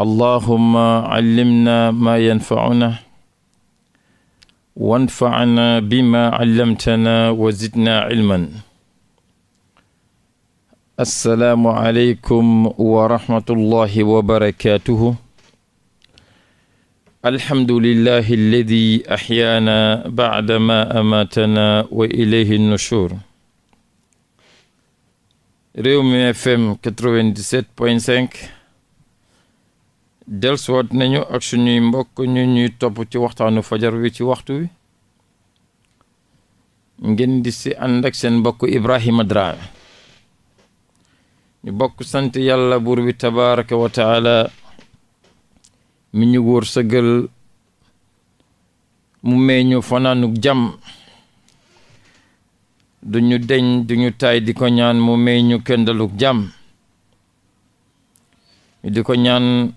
allahuma callimna maa yanfacuna wanfacna bima callamtana wa zidna cilman assalaamu aleykum wa rahmatullahi wa barakatuhu alhamdulillahi alladi axyaana bacda ma amaatana wa ilayhi nushur Rewmi FM 97.5 delswat nañu ak suñuy mbokk ñu ñuy topp ci waxtaanu fajar wi ci waxtu wi ngeen di si ànd seen mbokk Ibrahima Drame ñu bokk sant yàlla buur bi tabaraka wa taala mi ñu wóor sëgal mu may ñu fanaanuk jàmm duñu deñ duñu taay di ko ñaan mu may ñu kendaluk jàmm di ko ñaan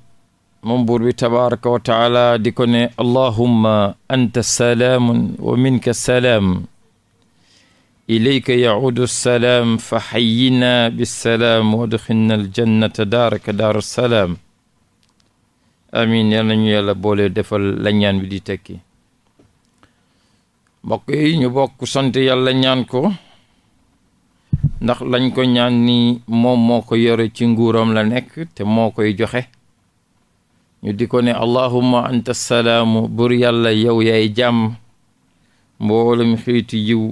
moom buur bi tabaraka wa taala di ko ne allahumma anta salaamun wa minka salaam ilayka yacuudu salaam fa xayina bisalaam wa adxilna aljannata daaraka daaru salaam amin yàlla boole defal la ñaan bi di tekki mbokk ñu bokk sant yàlla ñaan ko ndax lañ ko ñaan ni moom moo ko yore ci nguuram la nekk te moo koy joxe ñu di ko ne allahumma anta salaamu bur yàlla yow yaay jàmm mboolum xeetu yiw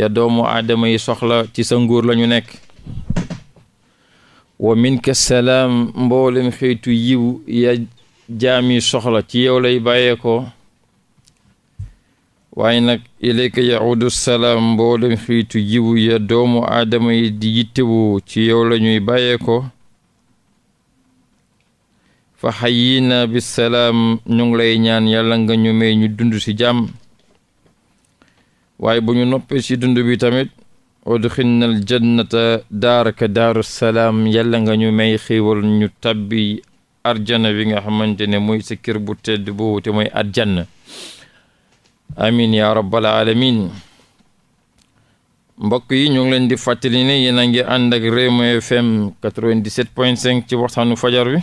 ya doomu aadama yi soxla ci sa nguur la nekk wa minka salaam mboolum xeetu yiw ya jaam yi soxla ci yow lay bàyyeekoo waaye nag ilayka salaam mboolum xeetu yiw ya doomu aadama yi di yittewoo ci yow la ñuy bàyyeekoo fa xayyina bisalaam ñu ngi lay ñaan yàlla nga ñu may ñu dund ci jàmm waaye bu ñu noppee ci dund bi tamit udxilna al jannata daaraka daaru salaam yàlla nga ñu may xiiwal ñu tabbi arjana bi nga xamante ne mooy sa kër bu tedd boobu te mooy arjanna amin ya rabbal alamin mbokk yi ñu ngi leen di fàttali ne yéen a ngi ànd ak Rewmi FM 97.5 ci waxtaanu fajar wi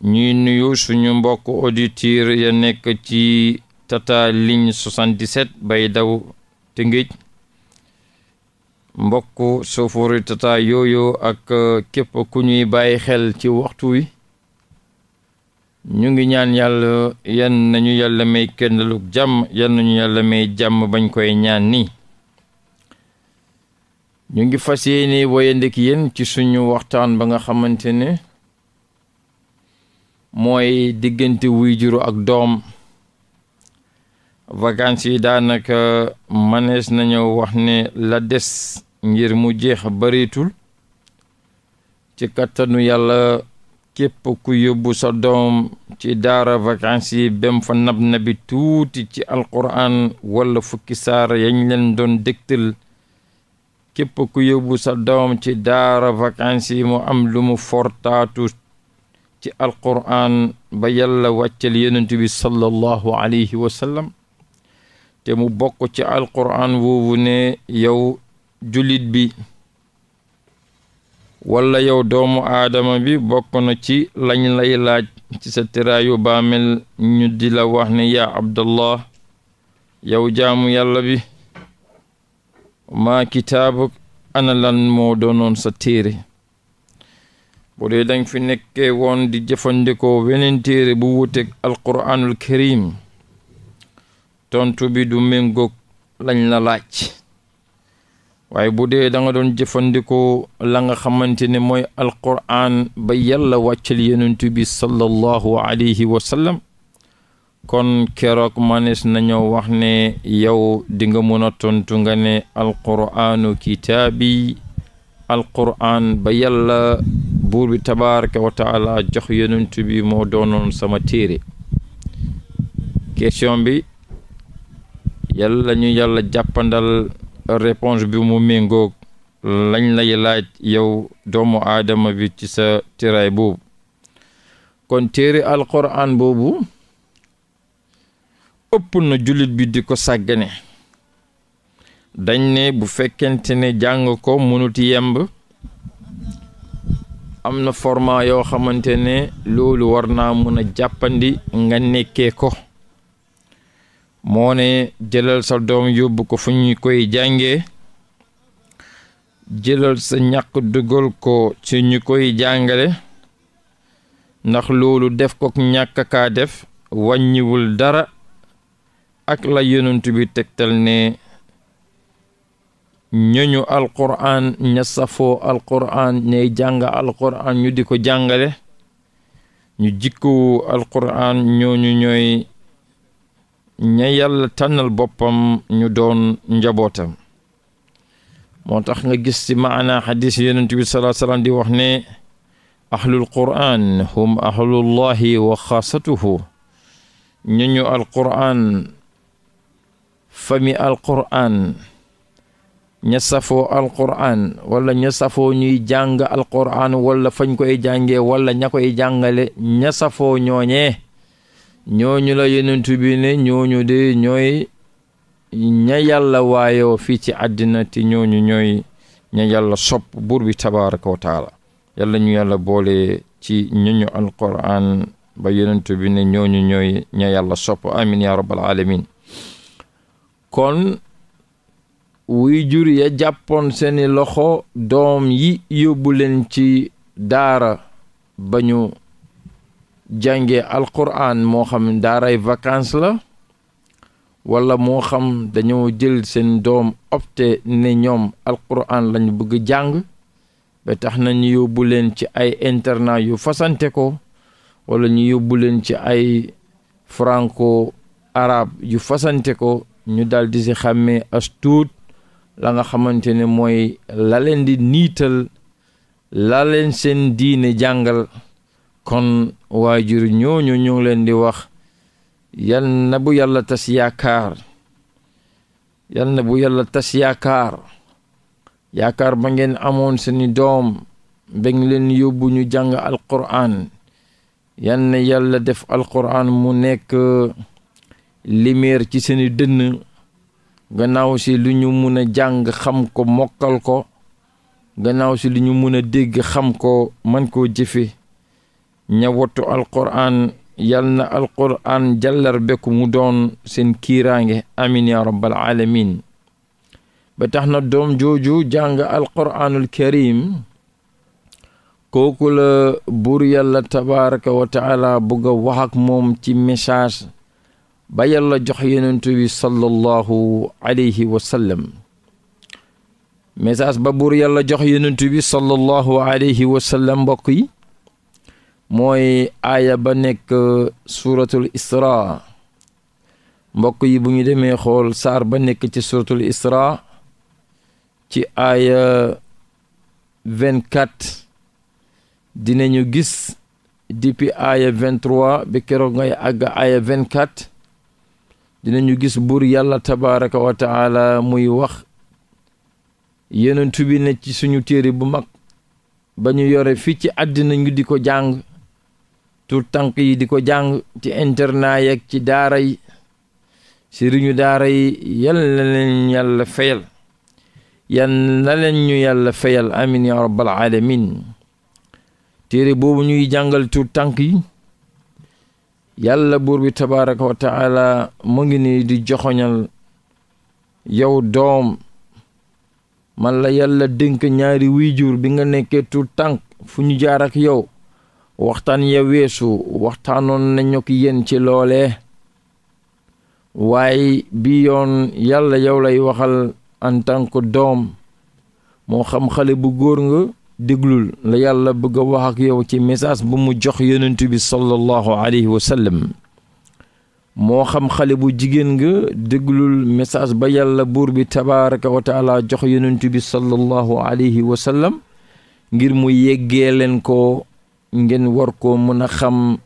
ñuy nuyu suñu mbokk auditeurs ya nekk ci tata ligne 77 bay daw te Tëngéej mbokk sofóori tata yooyu ak euh, képp ku ñuy bàyyi xel ci waxtu wi ñu ngi ñaan yàlla yan nañu yàlla may kendaluk jàmm yan nañu yàlla may jàmm bañ koy ñaan nii ñu ngi fas yéene wayandik yéen ci suñu waxtaan ba nga xamante ne mooy diggante wuy juru ak doom vacances yi daanaka manees nañu wax ne la des ngir mu jeex bareetul ci kattanu yàlla képp ku yóbbu sa ci daara vacances yi bem fa nab nabi tuuti ci alquran walla fukki saara yañ leen doon dégtal képp ku yóbbu sa doom ci daara vacances yi am lumu mu fortaatu ci alquraan ba yàlla wàccal yonent bi sallallahu alayhi wa te mu bokk ci alquraan woowu ne yow julit bi wala yow doomu aadama bi bokk na ci lañ lay laaj ci sa tiraayu baamel ñu di la wax ne yaa abdallah yow jaamu yàlla bi maa kitaabuk ana lan moo doonoon sa téere bu dee danga fi nekkee woon di jëfandikoo weneen téere bu wuteeg alquraanul karim tontu bi du méngoog lañ la laaj waaye bu dee da doon jëfandikoo la nga xamante ne mooy alquraan ba yàlla wàccal yonent bi sallallahu alayhi kon kerook manis nañoo wax ne yow di nga a tontu nga ne alquraanu kitaabi alquraan ba yàlla buur bi tabaraka wa taala jox yonent bi moo doonoon sama téere question bi yàlla ñu yàlla jàppandal réponse bi mu méngoog lañ lay laaj yow doomu aadama bi ci sa tiraay boobu kon téere alquran boobu ëpp na jullit bi di ko sàggane dañ ne bu fekkente ne jàng ko mënut yemb am na format yoo xamante ne loolu war naa mun a jàppandi nga nekkee ko moo ne jëlal sa doom yóbbu ko fu ñu koy jànge jëlal sa ñàq dugal ko ci ñu koy jàngale ndax loolu def ko ñàkk kaa def wàññiwul dara ak la yonent bi tegtal ne ñoñu alquran ña safoo alquran ñay jàng alquran ñu di ko jàngale ñu jikkowu alquran ñooñu ñooy ña yàlla tànnal boppam ñu doon njabootam moo tax nga gis ci maana xadis yonent bi salaa salaam di wax ne ahlul quran hum ahlullahi wa xaasatuhu ñoñu alquran fami alquran ña safoo alquran wala ña safoo ñuy jàng alquran wala fañ koy jàngee walla ña koy jàngale ña safoo ñooñee ñooñu la yenentu bi ne ñooñu de ñooy ña yàlla waaye fii ci àddina te ñooñu ñooy ña yàlla sopp buur bi tabaraka wa taala yàlla ñu yàlla boole ci ñuñu alquran ba yenentu bi ne ñooñu ñooy ña yàlla sopp amin ya rabbal alamin kon wuy jur ya jàppoon seeni loxo doom yi yóbbu leen ci daara ba ñu jàngee alquran moo xam daaray vacances la wala moo xam dañoo jël seen doom opte ne ñoom alquran lañu bëgg jàng ba tax nañu yóbbuleen ci ay internat yu fasante ko wala ñu yóbbuleen ci ay franco arabe yu fasante ko ñu daldi ci xàmmee as la nga xamante ne mooy la leen di niital la leen seen diine jàngal kon waajur ñooñu ñu ngi leen di wax yal na bu yàlla tas yaakaar bu yàlla tas yaakaar ba ngeen amoon seeni doom ba leen yóbbu ñu jàng alquran yal na yàlla def alquran mu nekk lumière ci seeni dënn gannaaw si lu ñu mun a jàng xam ko mokkal ko gannaaw si lu ñu mun a dégg xam ko man koo jëfe ña wattu alquran yal na alquran jàllar beku mu doon seen kiiraange amin ya rabbal alamin ba tax na doom jooju jàng alquranul karim kooku la buur yàlla tabaraka wa taala bëgg a wax ak moom ci message ba yàlla jox yonent bi sallallahu alayhi wa sallam ba buur yàlla jox yonent bi sallallahu alayhi wa sallam mbokk yi mooy aaya ba nekk suuratul isra mbokk yi bu ñu demee xool saar ba nekk ci suuratul isra ci aaya vingt-quatre dinañu gis depuis aaya vingt bi keroog ngay àgg aaya vingt-quatre dina ñu gis buur yàlla tabaraka wa taala muy wax yenentu bi ne ci suñu téere bu mag ba ñu yore fii ci àddina ñu di ko jàng tur tànk yi di ko jàng ci internat yeeg ci daara yi sëriñu daara yi yal na leen yàlla fayal yal leen ñu yàlla fayal amin ya rabbal alamin téere boobu ñuy jàngal tur tànk yi yàlla buur bi tabaraka wa taala mu ngi nii di joxoñal yow doom man la yàlla dénk ñaari waajur bi nga nekkee tu tànk fu ñu jaar ak yow waxtaan ya weesu waxtaanoon nañu ko yéen ci loole waaye bi yoon yàlla yow lay waxal en tant doom moo xam xale bu góor nga déglul la yàlla bëgg a wax ak yow ci message bu mu jox yonent bi sallallahu alayhi wa sallam moo xam xale bu jigéen nga déglul message ba yàlla buur bi tabaaraka wa taala jox yonent bi sallallahu alayhi wa ngir mu yeggee leen ko ngeen war ko mën a xam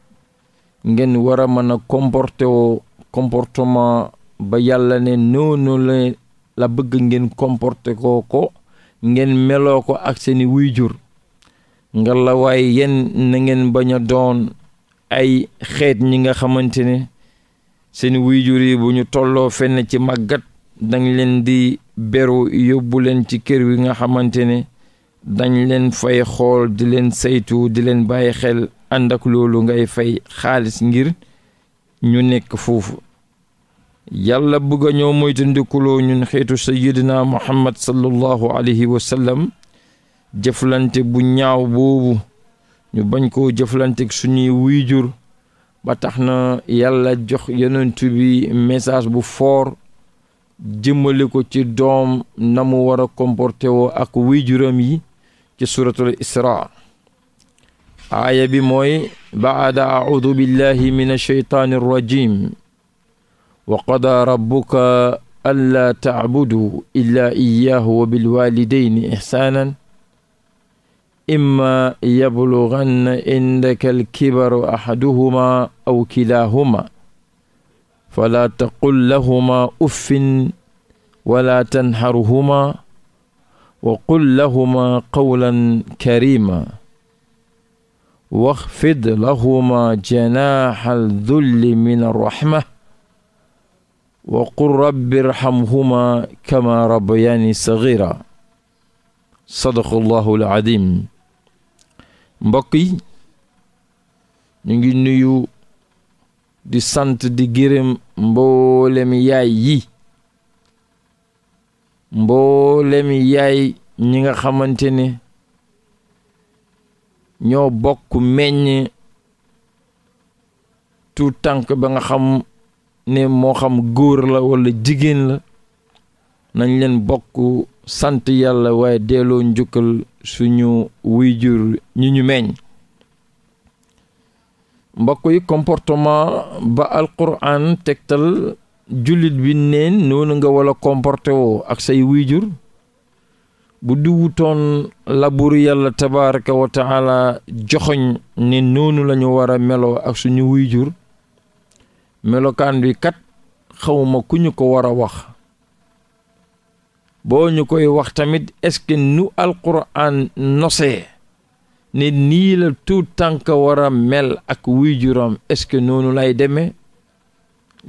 ngeen war a mën a comporté woo comportement ba yàlla ne noonu la la bëgg ngeen comporté ko ko ngeen meloo ko ak seeni wuy jur nga la nangeen yéen na bañ a doon ay xeet ñi nga xamante ne seeni wuy jur yi bu ñu tolloo fenn ci màggat dañ leen di beru yóbbu leen ci kër wi nga xamante ne dañ leen fay xool di leen saytu di leen bàyyi xel ànd ak loolu ngay fay xaalis ngir ñu nekk foofu yàlla bëgg a ñoo moytandikuloo ñun xeetu sayidina muhammad sallallahu alayhi wa jëflante bu ñaaw boobu ñu bañ ko jëflante suñuy wuyjur ba tax na yàlla jox yonent bi message bu foor jëmmale ko ci doom na mu war a comporté woo ak wuyjuram yi ci suratul isra aaya bi mooy baada audu billahi min alsheytaani arrajim wa qadaa rabbuka allaa tacbuduu illaa iyaahu wa bilwaalidayni ixsaanan imma yablughanna indaka alkibaru axaduhumaa aw kilaahumaa falaa taqul lahumaa uffin wala tanxaruhumaa wa qul lahumaa qawlan kariima waxfid lahumaa janaaxa aldulli min arraxma wa qul rabbi irhamhuma kama rabbayaani sagira sadaqa allahu alaadim mbokk yi ñu ngi nuyu di sant di gërëm mboolem yay yi mboolem yaay ñi nga xamante ni ñoo bokk meññ tuut tànk ba nga xam ne moo xam góor la walla jigéen la nañ leen bokk sant yàlla waaye delloo njukkal suñu wuyjur ñu ñu meññ mbokk yi comportement ba alquran tegtal jullit bi neen noonu nga wala comporté woo ak say wuyjur bu duwutoon laburu yàlla tabaraka wa taala joxoñ ne noonu lañu war a meloo ak suñu wuyjur melokaan bi kat xawma ku ñu ko war a wax boo ñu koy wax tamit est-ce nu alquran nosee ne nii la tuut tànk war a mel ak wuy juróom est-ce noonu lay deme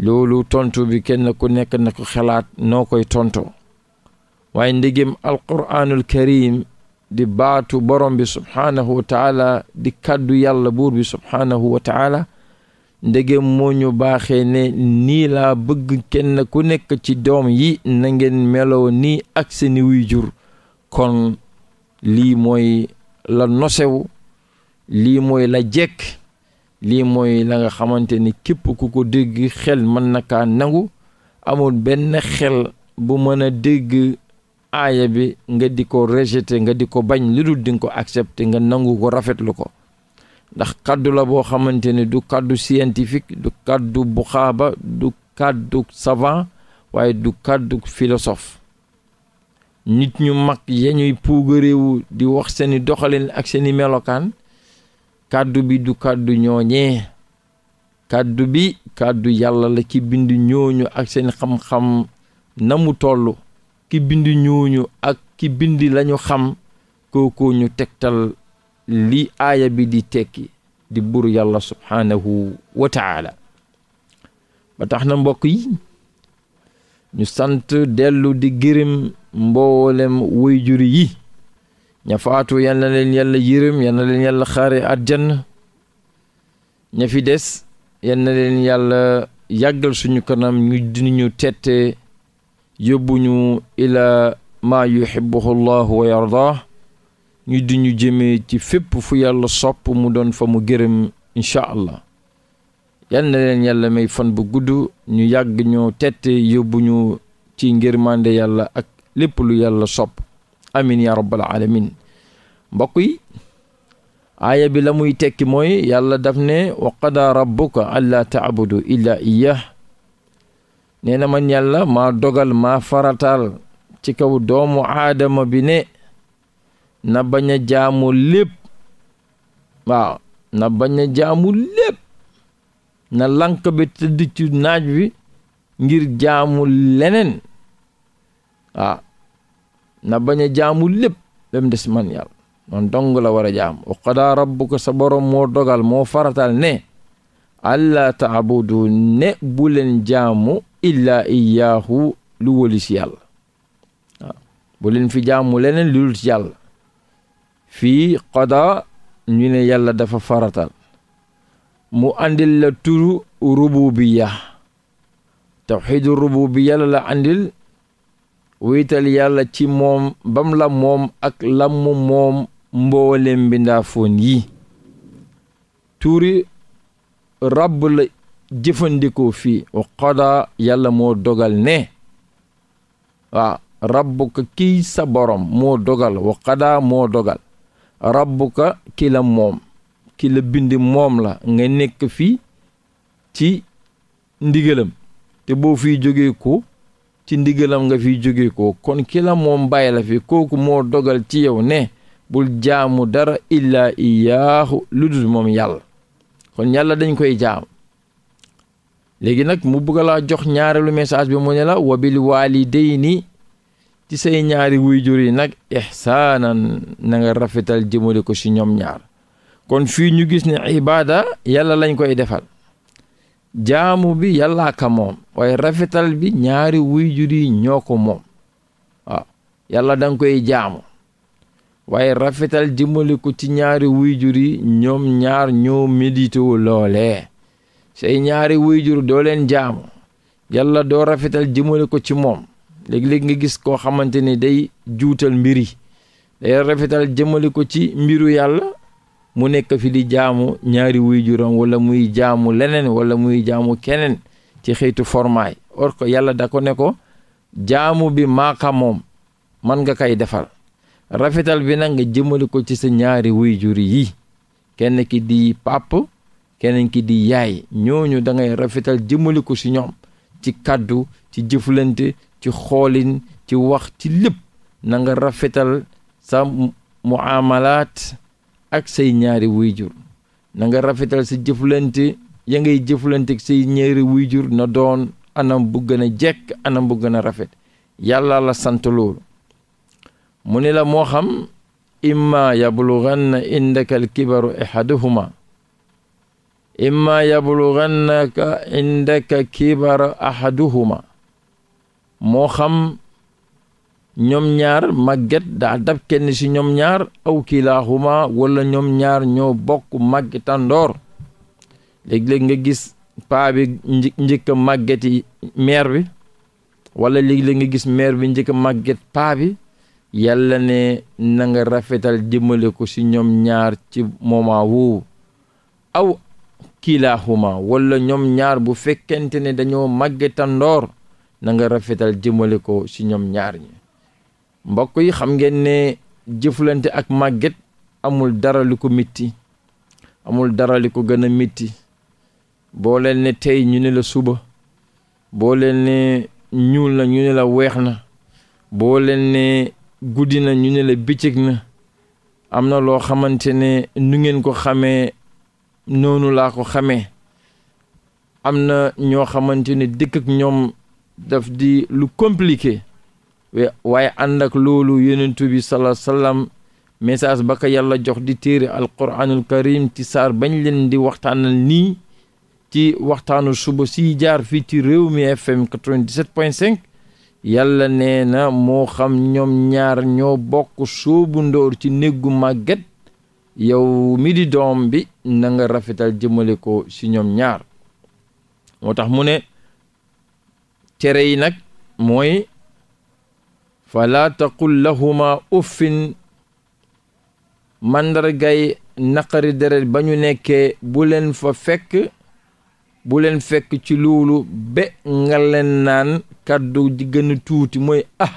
loolu tontu bi kenn ku nekk na ko xalaat noo koy tontoo waaye ndegem alquraanul karim di baatu borom bi subhaanahu wa di kàddu yàlla buur bi subhaanahu wa ndegem moo ñu baaxee ne nii laa bëgg kenn ku nekk ci doom yi na ngeen meloo nii ak seeni wuy jur kon lii mooy la nosewu lii mooy la jekk lii mooy la nga xamante ni képp ku ko dégg xel mën na kaa nangu amul benn xel bu mën a dégg aaya bi nga di ko rejeter nga di ko bañ lu dul di ko accepter nga nangu ko rafetlu ko ndax kàddu la boo xamante ne du kàddu scientifique du kàddu buxaaba du kàddu savant waaye du kàddu philosophe nit ñu mag ya ñuy puugaréewu di wax seeni doxalin ak seeni melokaan kàddu bi du kàddu ñooñee kàddu bi kàddu yàlla la ci bind ñooñu ak seen xam-xam na mu tollu ki bind ñooñu ak ki bind lañu xam kooku ñu tegtal li aaya bi di tekki di buur yàlla subhaanahu wa taala ba tax na mbokk yi ñu sant dellu di gërëm mboolem wayjuri yi ña faatu yal na leen yàlla yërëm yal na leen ña fi des yal leen yàlla yàggal suñu kanam ñu dinuñu tette yóbbuñu ila maa yuhibbuhu llahu wa yardah ñu di ñu jëmee ci fépp fu yàlla sopp mu doon fa mu gërëm incha allah yal yàlla may fan bu gudd ñu yàgg ñoo tette yóbbu ñu ci ngërmande yàlla ak lépp lu yàlla sopp amin ya rabbal alamin mbokk yi aaya bi la muy tekki mooy yàlla daf ne wa qadaa rabbuka allaa taabudu illaa iyyah nee na man yàlla maa dogal maa farataal ci kaw doomu aadama bi ne na bañ a jaamu lépp na bañ a jaamu na lank bi tëdd naaj wi ngir jaamu leneen na bañ a jaamu lépp dem des man yàlla noon dong la war a jaam wa qadaa rabbuka sa borom moo dogal moo faratal ne allah taabudu ne bu leen jaamu illaa iyaahu lu wëlis yàlla waaw fi jaamu leneen lu dul yàlla fii qada ñu ne yàlla dafa faratal mu andil la turu rububiya tawxiidu rububiya la la andil wiital yàlla ci moom bam la moom ak lamm moom mboolem mbindaafoon yi tuuri rabb la jëfandikoo fii wa qada yàlla moo dogal ne waaw rabb ko kii sa borom moo dogal wa qada moo dogal rabbuka ka la moom ki bind moom la nga nekk fi ci ndigalam te boo fiy jógee ko ci ndigalam nga fiy jóge ko kon kila moom bàyyi la fi kooku moo dogal ci yow ne bul jaamu dara illaa iyaahu lu dul moom yàlla kon yàlla dañ koy jaam léegi nag mu bëgg laa jox ñaareelu message bi mu ne la wabil waalidayni ci say ñaari wuyjur yi nag ihsaanan nanga nga rafetal jëmale ko ci ñoom ñaar kon fii ñu gis ne ibaada yàlla lañ koy defal jaamu bi yàllaa ka moom waaye rafetal bi ñaari wuyjur yi ñoo ko moom waaw yàlla danga koy jaamu waaye rafetal jëmale ko ci ñaari wuyjur yi ñoom ñaar ñoo méditewu loolee say ñaari wuyjur doo leen jaamu yàlla doo rafetal jëmale ko ci moom léegi-léegi nga gis koo xamante ni day juutal mbir yi day rafetal jëmale ko ci mbiru yàlla mu nekk fi di jaamu ñaari wuy juróom wala muy jaamu leneen wala muy jaamu keneen ci xeetu formaay or ko yàlla da ko ne ko jaamu bi maaka moom man nga koy defal rafetal bi nag nga jëmale ko ci sa ñaari wuy jur yi kenn ki di pàpp keneen ki di yaay ñooñu da ngay rafetal jëmale ko ci ñoom ci kàddu ci jëflante ci xoolin ci wax ci nanga rafetal sa muamalaat ak say ñaari wuyjur na nga rafetal sa jëflante ya ngay jëflante ak say ñaari wuyjur na doon anam bu gën a jekk anam bu gën a rafet yàlla la sant loolu mu ni la moo xam imma yablughanna indaka alkibaru ahaduhuma imma yablughanna indaka ahaduhuma moo xam ñoom ñaar màgget daa dab kenn ci ñoom ñaar aw kilaahuma walla ñoom ñaar ñoo bokk màggetandoor léeg-léeg nga gis paa njëkk a màggeti meer bi walla léeg-léeg nga gis meer bi njëkk a màgget paa bi yàlla ne na nga rafetal jëmale ko ci ñoom ñaar ci moment woowu aw kilaahuma wala ñoom ñaar bu fekkente ne dañoo màggetandoor na nga rafetal jëmale ko ci ñoom ñaar ñi mbokk yi xam ngeen ne jëflante ak màgget amul dara li ko mitti amul dara li ko gën a mitti boo leen ne tey ñu ne la suba boo leen ne ñuul na ñu ne la weex na boo leen ne guddi na ñu ne la bëccëg na am na loo xamante ne nu ngeen ko xamee noonu laa ko xamee am na ñoo xamante ne dëkk ak ñoom daf di lu compliqué waaye ànd ak loolu yonentu bi salaa sallam message ba ko yàlla jox di téere alquranul karim ci saar bañ leen di waxtaanal nii ci waxtaanu suba si jaar fii ci réew mi fm 97.5 yàlla nee na moo xam ñoom ñaar ñoo bokk bu ndoor ci néggu màgget yow mi di doom bi na nga rafetal jëmale ko ci ñoom ñaar moo tax mu ne cere yi nag mooy fala taqul lahuma uffin màndargay naqari deret ba ñu nekkee bu leen fa fekk bu leen fekk ci loolu be nga leen naan kàddu di gën tuuti mooy ah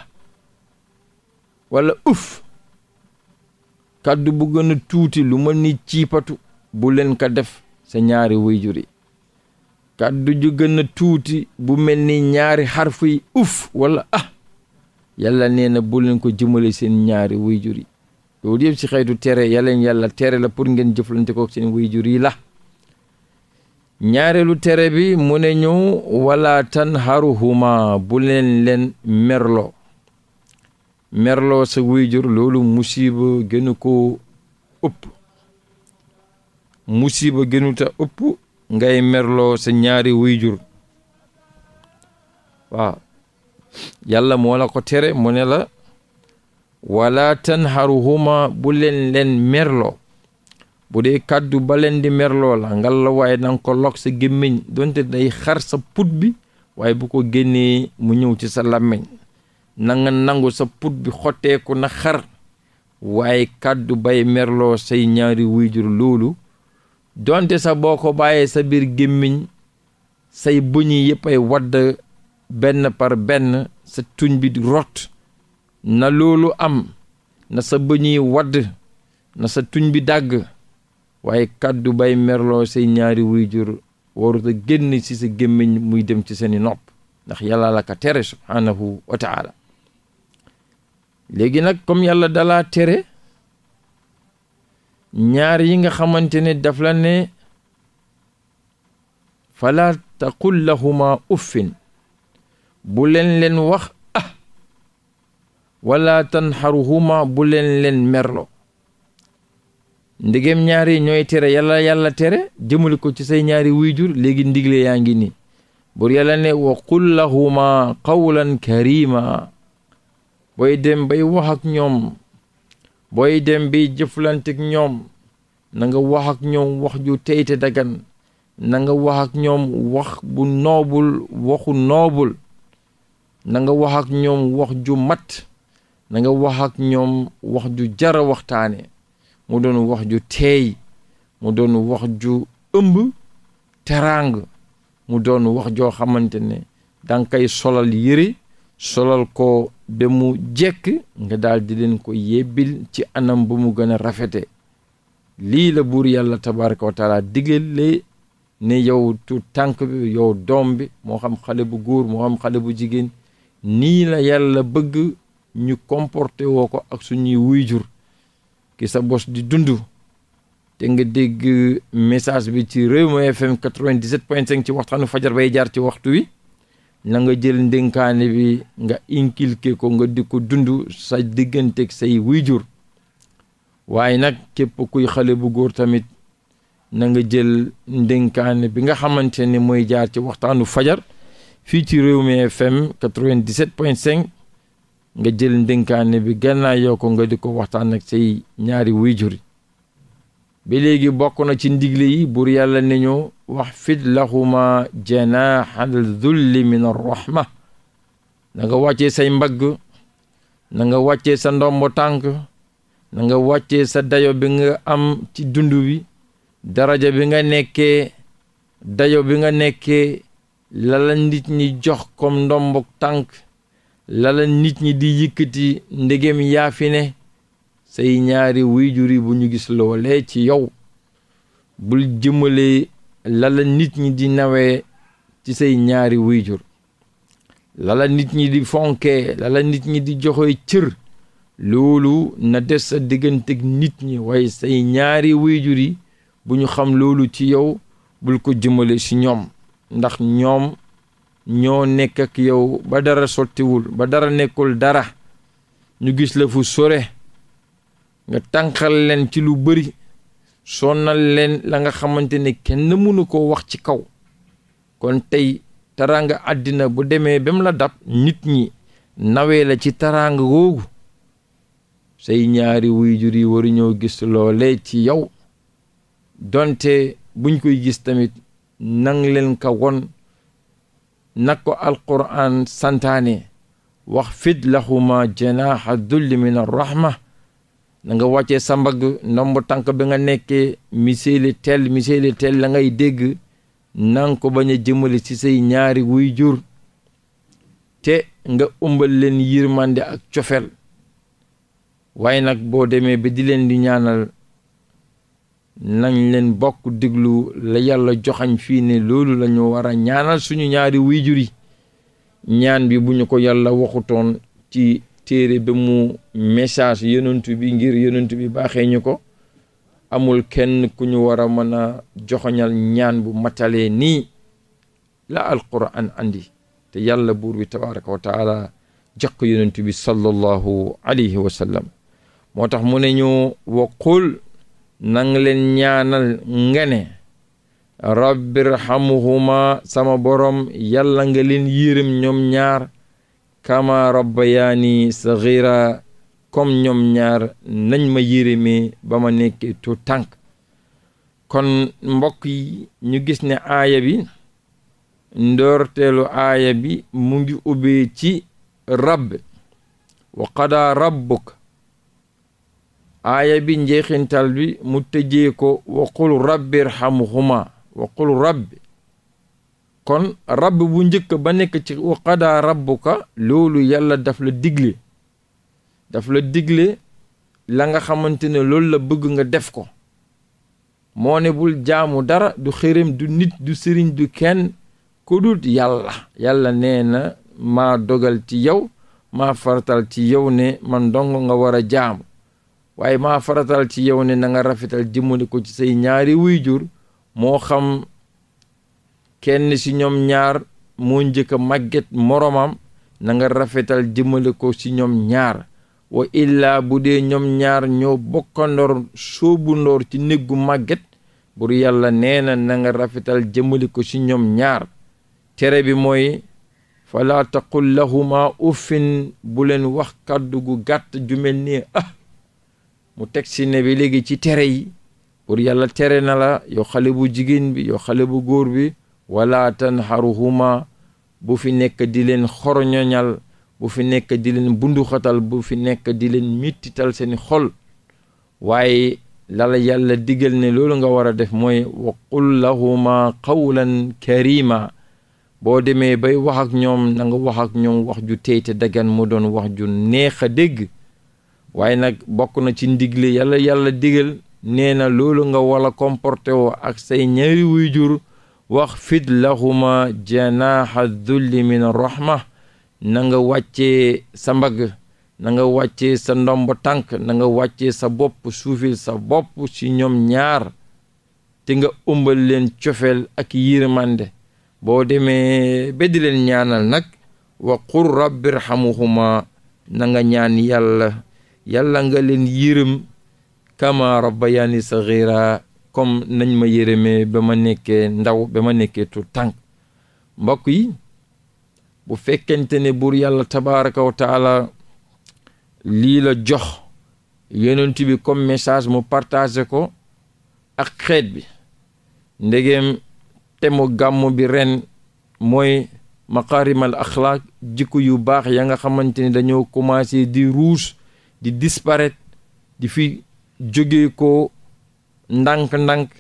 wala uf kàddu bu gën tuuti lu mën ni ciipatu bu leen ko def sa ñaari wuy yi kàddu ju gën a tuuti bu mel ni ñaari xarfu yi uf wala ah yàlla nee bu leen ko jëmale seen ñaari way yi loolu yëpp ci xeetu tere yaleen yàlla tere la pour ngeen jëflante ko seen way jur yi la ñaareelu tere bi mu ne ñu wala tanharuhuma bu leen leen merloo merloo sa way jur loolu musiba gënu ko ëpp musiba gënu ta ëpp ngay merloo sa ñaari wuyjur waaw yàlla moo la ko tere mu ne la wala tanharuhuma bu leen leen merloo bu dee kàddu ba leen di merloo la ngal la waaye na ko log sa gémmiñ donte day xar sa put bi waaye bu ko génnee mu ñëw ci sa làmmiñ na nangu sa put bi xotteeku na xar waaye kàddu bay merloo say ñaari wuy jur loolu donte sa boo ko bàyyee sa biir gémmiñ say buñi yépp ay wadd benn par benn sa tuñ bi rot na loolu am na sa bëñi wadd na sa tuñ bi dàgg waaye kàddu bay merloo say ñaari wuy jur waruta génn ci sa gémmiñ muy dem ci seeni nopp ndax yàlla la ko tere subhaanahu wa léegi nag comme yàlla dalaa tere ñaar yi nga xamante ne daf la ne falaa taqul lahuma uffin bu leen leen wax ah wala tanxaruhuma bu leen len merlo ndegem ñaari ñooy tere yàlla yàlla tere jëmale ko ci say ñaari wuyjur léegi ndigle yaa ngi nii bur yàlla ne wa qul lahuma qawlan karima dem bay wax ñoom booy dem bi jëflantek ñoom nanga wax ak ñoom wax ju teyte dagan na nga wax ak ñoom wax na nga wax ñoom wax ju mat na nga wax ak ñoom wax ju jara waxtaane mu doon wax ju teey mu doon wax ju ëmb teraang mu doon wax joo xamante ne danga koy solal yére solal ko ba jekk nga daal di leen ko yebbil ci anam bu mu gën a rafete lii la buur yàlla tabaraka wa taala digle ne yow tu tànk bi yow doom bi moo xam xale bu góor moo xam xale bu jigéen nii la yàlla bëgg ñu comporté woo ko ak suñuy wuy jur ki sa bos di dund te nga dégg message bi ci Rewmi FM 97.5 ci waxtaanu fajar bay jaar ci waxtu wi na nga jël ndénkaane bi nga inculqué ko nga di ko dund sa digganteeg say jur waaye nag képp kuy xale bu góor tamit na nga jël ndénkaane bi nga xamante ne mooy jaar ci waxtaanu fajar fii ci réew Rewmi FM 97.5 nga jël ndénkaane bi gannaaw ko nga di ko waxtaan ak say ñaari wuy wuyjur yi ba léegi bokk na ci ndigle yi buur yàlla nañu wax fit laxuma jena zulli min arrahma na nga wàccee say mbagg nanga wàcce sa ndombo tànk na nga wàccee sa dayo bi nga am ci dund bi daraja bi nga nekkee dayo bi nga nekkee lala nit ñi jox comme ndombo tànk lala nit ñi di yëkkati ndegem yaa fi ne say ñaari wuyjur yi bu ñu gis loolee ci yow bul jëmale lala nit ñi di nawee ci say ñaari wuyjur lala nit ñi di fonkee lala nit ñi di joxe cër loolu na des sa digganteeg nit ñi waaye say ñaari wuyjur yi bu ñu xam loolu ci yow bul ko jëmale ci ñoom ndax ñoom ñoo nekk ak yow ba dara sottiwul ba dara nekkul dara ñu gis la fu sore nga tànqal leen ci lu bëri sonnal leen la nga xamante ne kenn mënu ko wax ci kaw kon tey taraanga àddina bu demee ba mu la dab nit ñi nawee la ci taraanga googu say ñaari waajur yi waruñoo gis loolee ci yow donte buñ koy gis tamit nang leen ka won nag ko alquran santaane wax fid laxuma janaaxa dulli min arrahma na nga wàccee sa mbagg ndomb tànk ba nga nekkee miseeli tell miseeli tell la ngay dégg nang ko bañ a jëmale ci say ñaari wuy jur te nga umbal leen yirmande ak cofel waaye nag boo demee ba di leen di ñaanal nañ leen bokk diglu la yàlla joxañ fii ne loolu lañu ñu war a ñaanal suñu ñaari wuy jur yi ñaan bi bu ñu ko yàlla waxutoon ci téere ba mu message yonent bi ngir yonent bi baaxee ko amul kenn ku ñu war a mën a joxoñal ñaan bu matalee nii la alquran andi te yàlla buur bi tabaraka wa taala jox ko yonent bi sallallahu alayhi wa moo tax mu ne ñu waqul nang leen ñaanal nga ne rabbirhamuhuma sama borom yàlla nga leen yërëm ñoom ñaar kama rabbayaani sagira comme ñoom ñaar nañ ma yërëmee ba ma nekk tu tànk kon mbokk yi ñu gis ne aaya bi ndoorteelu aaya bi mu ngi ubbee ci rabb wa qadaa rabbuk aaya bi njeexintal bi mu tëjee ko waqul rabbi irhamhuma waqul rabbi kon rabb bu njëkk ba nekk ci wa qadaa ka loolu yàlla daf la digle daf la digle la nga xamante ne loolu la bëgg nga def ko moo ne bul jaamu dara du xërëm du nit du sëriñ du kenn ku dul yàlla yàlla nee na ma dogal ci yow maa faratal ci yow ne man dong nga war a jaamu waaye maa faratal ci yow ne na nga rafetal jëmmale ko ci say ñaari wuy jur moo xam kenn ci ñoom ñaar moo njëkk a màgget moroomam nanga rafetal jëmale ko ci ñoom ñaar wa illaa bu dee ñoom ñaar ñoo bokkandoor soobu ndoor ci néggu màgget bur yàlla neena nanga rafetal jëmale ko ci ñoom ñaar tere bi mooy falaa taqul lahumaa uffin bu leen wax kàddu gu gàtt ju mel nii ah, mu teg ci ne bi léegi ci tere yi bur yàlla tere na la yow xale bu jigéen bi yow xale bu góor bi wala tanxaruhuma bu fi nekk di leen xoroñoñal bu fi nekk di leen bunduxatal bu fi nekk di leen mittital seeni xol waaye lala yàlla digal ne loolu nga war a def mooy wa qul lahuma qawlan karima boo demee bay wax ak ñoom na wax ak ñoom wax ju tey te dagan mu doon wax ju neex a dégg waaye nag bokk na ci ndigle yàlla yàlla digal nee na loolu nga walla comporté woo ak say ñaari wuy jur wax waxfid lahuma janaha dulli min rahma na nga wàccee sa mbagg na nga wàccee sa ndomb tànk na nga wàccee sa bopp suufil sa bopp ci ñoom ñaar te nga ëmbal leen cofeel ak yërmande boo demee ba leen ñaanal nag wa qur rabbirhamuhuma na nga ñaan yàlla yàlla nga leen yërëm kama rabbayani saghira comme nañ ma yërëmee ba ma nekkee ndaw ba ma nekkee tu tànk mbokk yi bu fekkente ne buur yàlla tabaraka wa taala lii la jox yonent bi comme message mu partagé ko ak xeet bi ndegem temu gàmmu bi ren mooy maqaarimal axlaaq jikko yu baax ya nga xamante ne dañoo commencé di ruus di disparaître di fi jóge ko ndànk-ndànk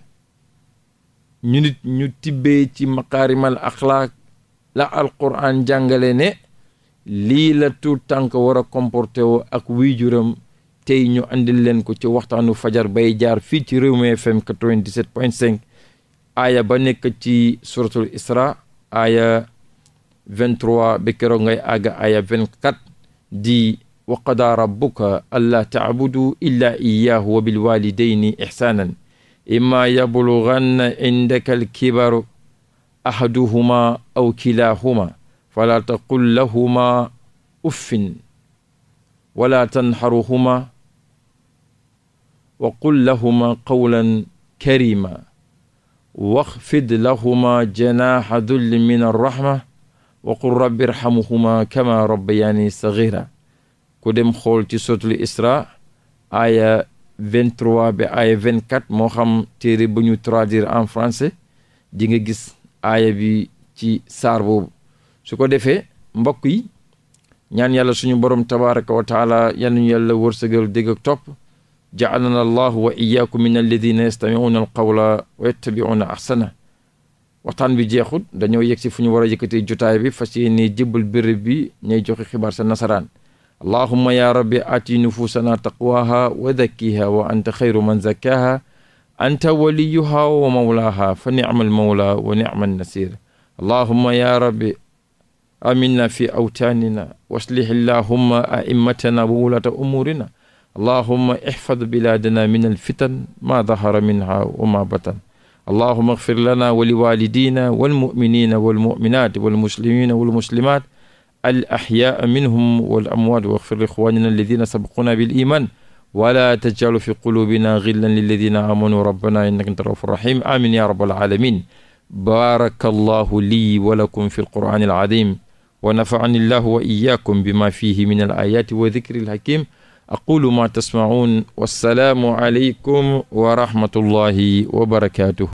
ñu nit ñu tibbee ci maqaarimal axlaaq la alquran jàngale ne lii la tuut tànk war a comporté woo ak wijuram tey ñu andil leen ko ci waxtaanu fajar bay jaar fii ci réew mi FM 97.5 aaya ba nekk ci suratul isra aaya 23 ba keroog ngay àgg aaya di wa qadaa rabbuka allaa tacbudu illaa iyaahu wa bilwaalidayni ixsaanan imma yablughanna indaka alkibaru ahaduhuma aw kilaahuma falaa taqul lahuma uffin wala tanxaruhuma wa qul lahuma qawlan karima waxfid lahuma janaaxa dulli min arraxma wa qul rabbi irxamuhuma kama rabbayaani sagira ku dem xool ci sotul isra aaya bi ba aaya 24 moo xam téere bu ñu traduire en français di nga gis aaya bi ci saar boobu su ko defee mbokk yi ñaan yàlla suñu borom tabaraka wa taala yal nañu yàlla wërsëgal dégg ak topp jaalana allahu wa iyaakum min alladina yastamiuna alqawla wa yattabiuna ahsana waxtaan bi jeexut dañoo yegg ci fu ñu war a yëkkatee jotaay bi fas yéene jébbal béréb bi ñay joxe xibaar sa nasaraan allahuma ya rabbi aati nufuusanaa taqwaha wa zakkiha wa anta xayru man zakkaaha anta waliyuha wa mawlaaha fa nicmal mawla wa nicmal nasir allahuma ya rabbi aminna fi awtaanina waslih illahumma aimmatana wa wulata umuurina allahumma ihfad bilaadana min alfitan maa dahara minha wa maa batan allahuma agfir lana wa liwaalidina walmuminina walmuminaat walmuslimina walmuslimaat al axyaa minhum wal amwaat waxfir ixwaanina alladina sabaquna bil iman wala tajcalu fi qulubina gillan lilladina amanu rabbana innaka anta rauf rahim amin ya rabbal alamin baraka allahu lii wa lakum fi alqur'ani alazim wa nafa'ani allahu wa iyyakum bima fihi min alayati wa dhikri alhakim aqulu ma tasma'un wassalaamu alaykum wa rahmatullahi wa barakatuh